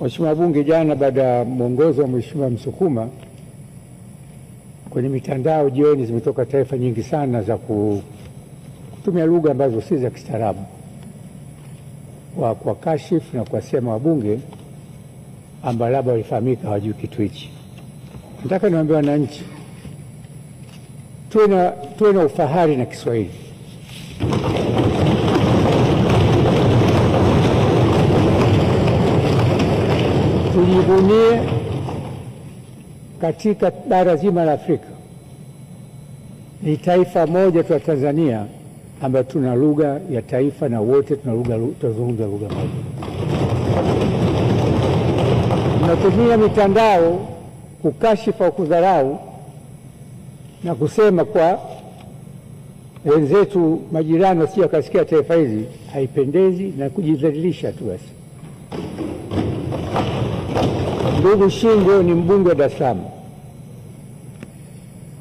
Mheshimiwa wabunge, jana baada ya mwongozo wa Mheshimiwa Msukuma kwenye mitandao jioni, zimetoka taarifa nyingi sana za kutumia lugha ambazo si za kistaarabu kwa kuwakashifu na kuwasema wabunge ambao labda walifahamika hawajui kitu hichi. Nataka niwaambie wananchi, tuwe na ufahari na Kiswahili. tujivunie katika bara zima la Afrika ni taifa moja tu la Tanzania ambayo tuna lugha ya taifa na wote tuna lugha, tunazungumza lugha moja. Tunatumia mitandao kukashifa kudharau na kusema kwa wenzetu majirani wasije wakasikia taifa hizi haipendezi na kujidhalilisha tu basi. Ndugu Shingo ni mbunge wa Dar es Salaam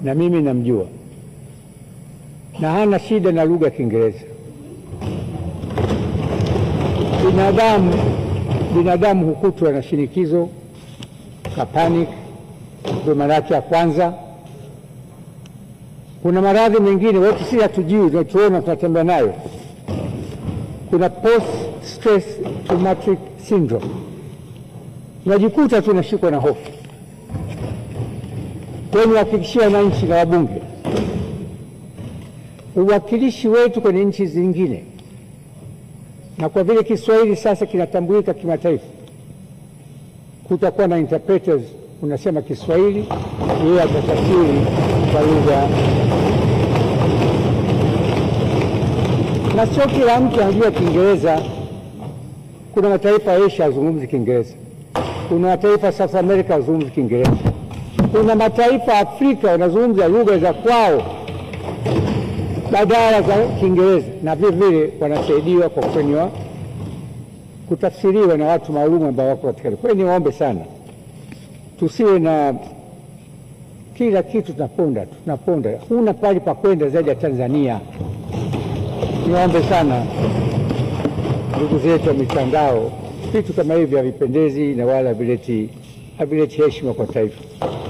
na mimi namjua, na hana shida na lugha ya Kiingereza. Binadamu binadamu hukutwa na shinikizo ka panic, ndio mara yake ya kwanza. Kuna maradhi mengine watu si hatujui, tunatuona tunatembea nayo. Kuna post stress traumatic syndrome tunajikuta tunashikwa na hofu. Kwayo niwahakikishia wananchi na wabunge, uwakilishi wetu kwenye nchi zingine, na kwa vile Kiswahili sasa kinatambulika kimataifa, kutakuwa na interpreters, unasema Kiswahili, yeye atatafsiri kwa lugha, na sio kila mtu anajua Kiingereza. Kuna mataifa ya Asia hazungumzi Kiingereza. Kuna mataifa South America wanazungumza Kiingereza, kuna mataifa Afrika wanazungumza lugha za kwao badala za Kiingereza, na vile vile wanasaidiwa kwa kwenye kutafsiriwa na watu maalum ambao wako katika. Kwa hiyo niwaombe sana, tusiwe na kila kitu tunaponda tunaponda, huna pali pa kwenda zaidi ya Tanzania. Niwaombe sana ndugu zetu wa mitandao Vitu kama hivi havipendezi na wala havileti heshima kwa taifa.